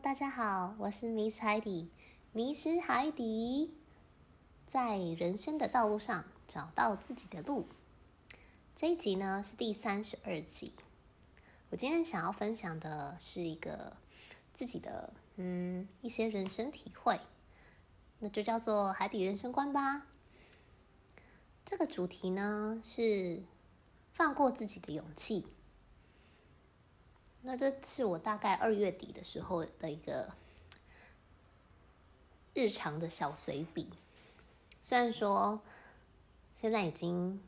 大家好，我是 Miss 海底，迷失海底，在人生的道路上找到自己的路。這一集呢是第三十二集，我今天想要分享的是一個自己的嗯一些人生體會，那就叫做海底人生觀吧。這個主題呢是放過自己的勇氣。那這是我大概二月底的時候的一個日常的小隨筆，雖然說現在已經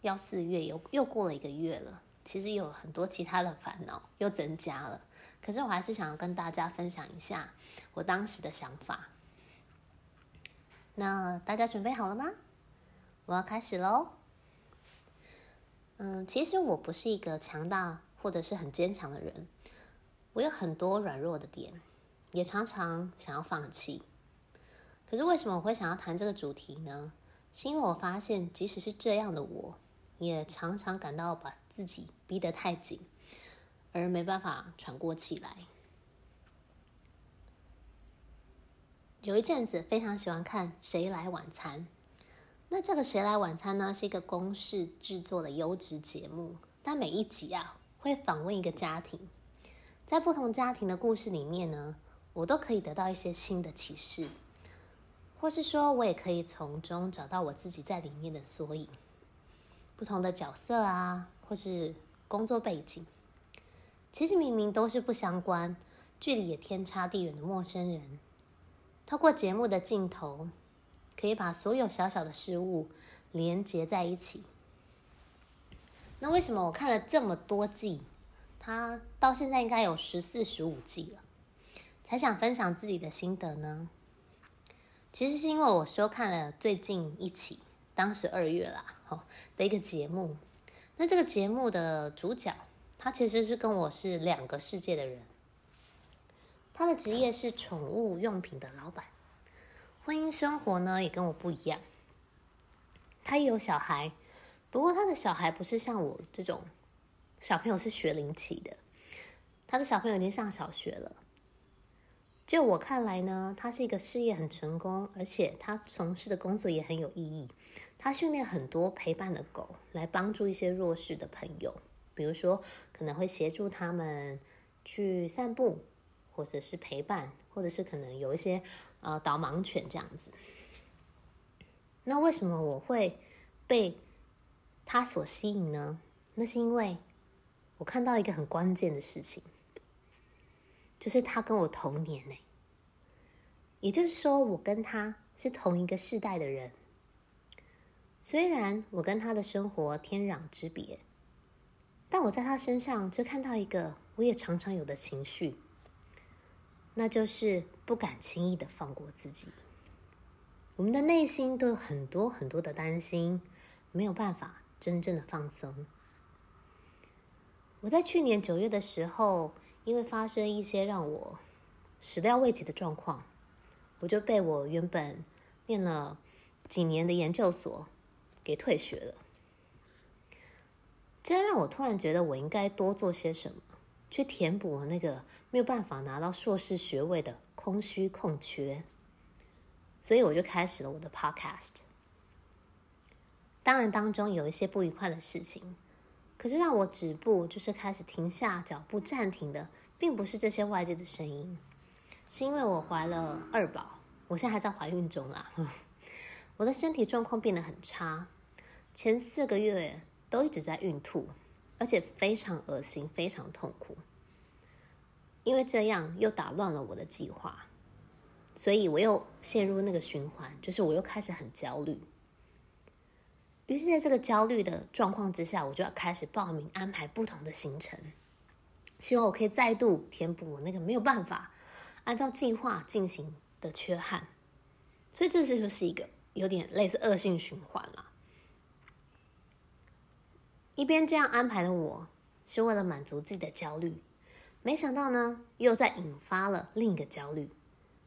要四月又又過了一個月了，其實有很多其他的煩惱又增加了，可是我還是想要跟大家分享一下我當時的想法。那大家準備好了嗎？我要開始嘍。嗯，其實我不是一個強大。或者是很堅強的人，我有很多軟弱的點，也常常想要放棄。可是為什麼我會想要談這個主題呢？是因為我發現，即使是這樣的我，也常常感到把自己逼得太緊，而沒辦法喘過氣來。有一陣子非常喜歡看《誰來晚餐》，那這個《誰來晚餐》呢，是一個公視製作的優質節目，但每一集啊。會訪問一個家庭，在不同家庭的故事裡面呢，我都可以得到一些新的啟示，或是說，我也可以從中找到我自己在裡面的縮影。不同的角色啊，或是工作背景，其實明明都是不相關、距離也天差地遠的陌生人，透過節目的鏡頭，可以把所有小小的事物連接在一起。那為什麼我看了這麼多季，他到現在應該有十四、十五季了，才想分享自己的心得呢？其實是因為我收看了最近一期，當時二月啦，哦的一個節目。那這個節目的主角，他其實是跟我是兩個世界的人。他的職業是寵物用品的老闆，婚姻生活呢也跟我不一樣，他有小孩。不過他的小孩不是像我這種小朋友是學齡期的，他的小朋友已經上小學了。就我看來呢，他是一個事業很成功，而且他從事的工作也很有意義。他訓練很多陪伴的狗來幫助一些弱勢的朋友，比如說可能會協助他們去散步，或者是陪伴，或者是可能有一些呃，導盲犬這樣子。那為什麼我會被他所吸引呢？那是因為我看到一個很關鍵的事情，就是他跟我同年呢，也就是說，我跟他是同一個世代的人。雖然我跟他的生活天壤之別，但我在他身上卻看到一個我也常常有的情緒，那就是不敢輕易的放過自己。我們的內心都有很多很多的擔心，沒有辦法。真正的放鬆。我在去年九月的時候，因為發生一些讓我始料未及的狀況，我就被我原本念了幾年的研究所給退學了。這讓我突然覺得，我應該多做些什麼，去填補我那個沒有辦法拿到碩士學位的空虛空缺。所以，我就開始了我的 podcast。當然，當中有一些不愉快的事情，可是讓我止步，就是開始停下腳步暫停的，並不是這些外界的聲音，是因為我懷了二寶，我現在還在懷孕中啦。 我的身體狀況變得很差，前四個月都一直在孕吐，而且非常噁心，非常痛苦。因為這樣又打亂了我的計劃，所以我又陷入那個循環，就是我又開始很焦慮。於是，在這個焦慮的狀況之下，我就要開始報名安排不同的行程，希望我可以再度填補我那個沒有辦法按照計劃進行的缺憾。所以，這就是一個有點類似惡性循環了。一邊這樣安排的我，是為了滿足自己的焦慮，沒想到呢，又再引發了另一個焦慮，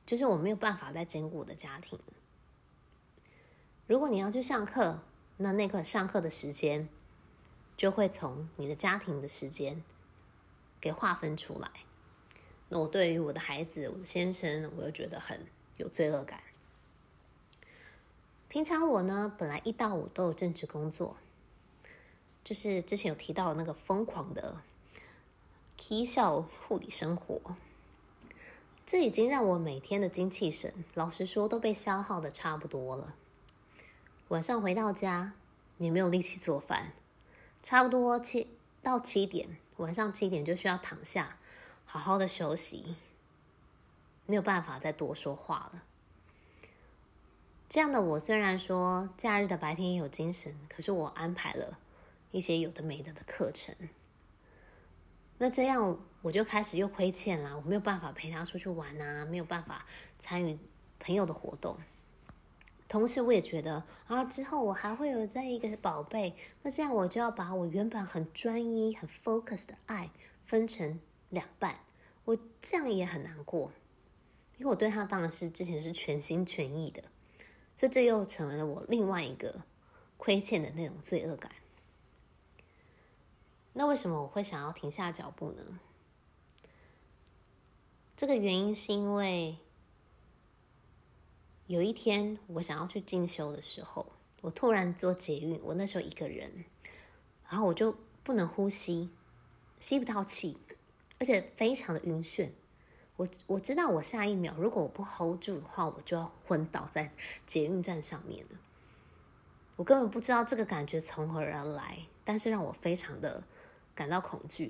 就是我沒有辦法再兼顧我的家庭。如果你要去上課，那那個上課的時間，就會從你的家庭的時間給劃分出來。那我對於我的孩子、我的先生，我又覺得很有罪惡感。平常我呢，本來一到五都有正職工作，就是之前有提到的那個瘋狂的 K 校護理生活，這已經讓我每天的精氣神，老實說都被消耗的差不多了。晚上回到家，也沒有力氣做飯。差不多七到七點，晚上七點就需要躺下，好好的休息，沒有辦法再多說話了。這樣的我雖然說假日的白天也有精神，可是我安排了一些有的沒的的課程。那這樣我就開始又虧欠啦，我沒有辦法陪他出去玩啊，沒有辦法參與朋友的活動。同時，我也覺得啊，之後我還會有再一個寶貝，那這樣我就要把我原本很專一、很 focus 的愛分成兩半，我這樣也很難過，因為我對他當然是之前是全心全意的，所以這又成為了我另外一個虧欠的那種罪惡感。那為什麼我會想要停下腳步呢？這個原因是因為。有一天，我想要去進修的時候，我突然坐捷運，我那時候一個人，然後我就不能呼吸，吸不到氣，而且非常的暈眩。我我知道，我下一秒如果我不 hold 住的話，我就要昏倒在捷運站上面了。我根本不知道這個感覺從何而來，但是讓我非常的感到恐懼。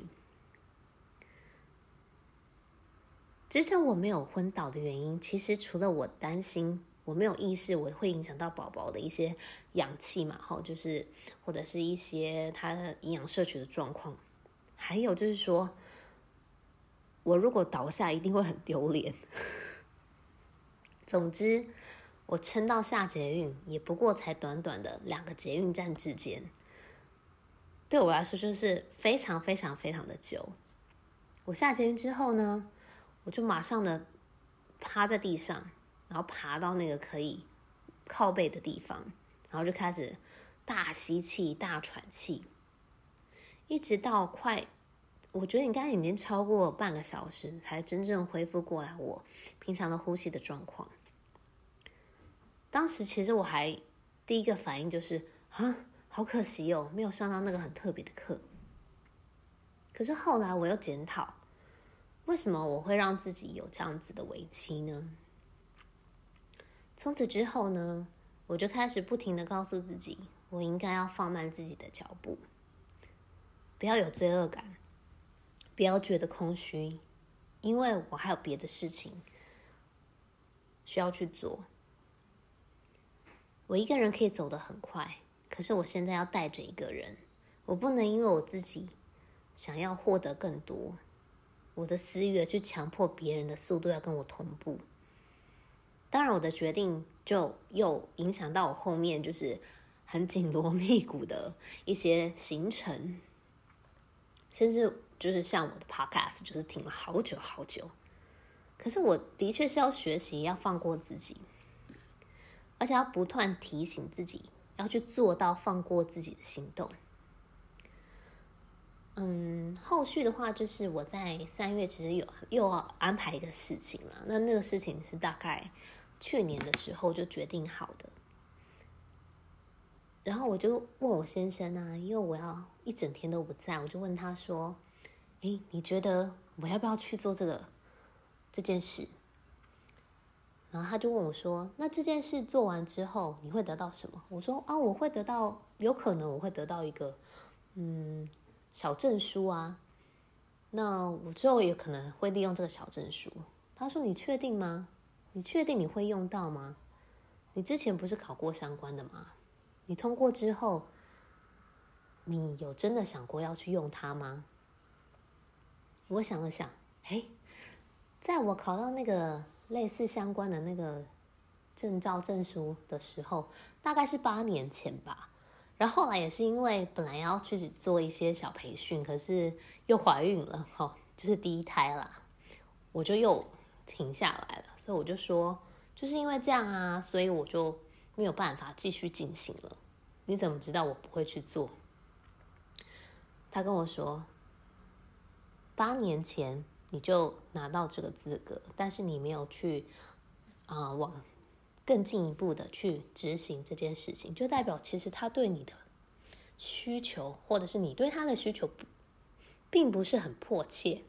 之前我沒有昏倒的原因，其實除了我擔心我沒有意識，我會影響到寶寶的一些氧氣嘛，哈，就是或者是一些他的營養攝取的狀況，還有就是說我如果倒下一定會很丟臉。總之，我撐到下捷運也不過才短短的兩個捷運站之間，對我來說就是非常非常非常的久。我下捷運之後呢？我就馬上的趴在地上，然後爬到那個可以靠背的地方，然後就開始大吸氣、大喘氣，一直到快，我覺得應該已經超過半個小時才真正恢復過來我平常的呼吸的狀況。當時其實我還第一個反應就是啊，好可惜哦，沒有上到那個很特別的課。可是後來我又檢討。為什麼我會讓自己有這樣子的危機呢？從此之後呢，我就開始不停的告訴自己，我應該要放慢自己的腳步，不要有罪惡感，不要覺得空虛，因為我還有別的事情需要去做。我一個人可以走得很快，可是我現在要帶着一個人，我不能因為我自己想要獲得更多。我的私慾去強迫別人的速度要跟我同步，當然我的決定就又影響到我後面就是很緊鑼密鼓的一些行程，甚至就是像我的 podcast 就是停了好久好久，可是我的確是要學習要放過自己，而且要不斷提醒自己要去做到放過自己的行動。嗯，後續的話就是我在三月其實有又要安排一個事情了。那那個事情是大概去年的時候就決定好的。然後我就問我先生啊，因為我要一整天都不在，我就問他說：“誒，你覺得我要不要去做這個這件事？”然後他就問我說：“那這件事做完之後你會得到什麼？”我說：“啊，我會得到，有可能我會得到一個，嗯。”小證書啊，那我之後也可能會利用這個小證書。他說：“你確定嗎？你確定你會用到嗎？你之前不是考過相關的嗎？你通過之後，你有真的想過要去用它嗎？”我想了想，哎，在我考到那個類似相關的那個證照證書的時候，大概是八年前吧。然後後來也是因為本來要去做一些小培訓，可是又懷孕了哈、哦，就是第一胎啦，我就又停下來了。所以我就說，就是因為這樣啊，所以我就沒有辦法繼續進行了。你怎麼知道我不會去做？他跟我說，八年前你就拿到這個資格，但是你沒有去啊、呃、往。更進一步的去執行這件事情，就代表其實他對你的需求，或者是你對他的需求不，並不是很迫切。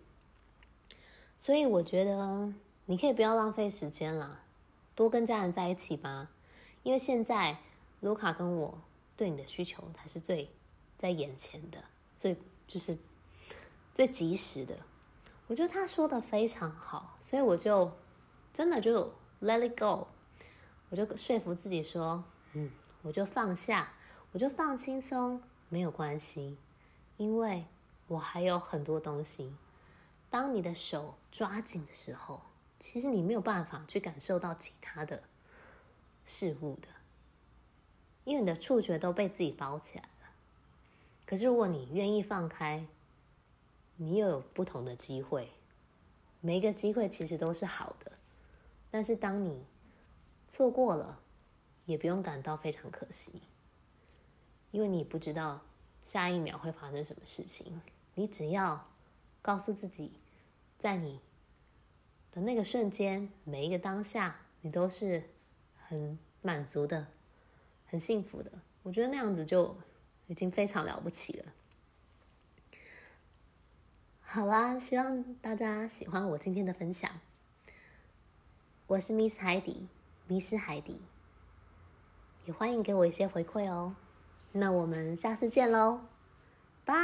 所以我覺得你可以不要浪費時間了，多跟家人在一起吧。因為現在盧卡跟我對你的需求才是最在眼前的，最就是最及時的。我覺得他說的非常好，所以我就真的就 let it go。我就說服自己說：“嗯，我就放下，我就放輕鬆，沒有關係，因為我還有很多東西。當你的手抓緊的時候，其實你沒有辦法去感受到其他的事物的，因為你的觸覺都被自己包起來了。可是如果你願意放開，你又有不同的機會。每一個機會其實都是好的，但是當你……”錯過了，也不用感到非常可惜，因為你不知道下一秒會發生什麼事情。你只要告訴自己，在你的那個瞬間，每一個當下，你都是很滿足的，很幸福的。我覺得那樣子就已經非常了不起了。好啦，希望大家喜歡我今天的分享。我是 Miss Heidi。迷失海底，也歡迎給我一些回饋哦。那我們下次見嘍，拜！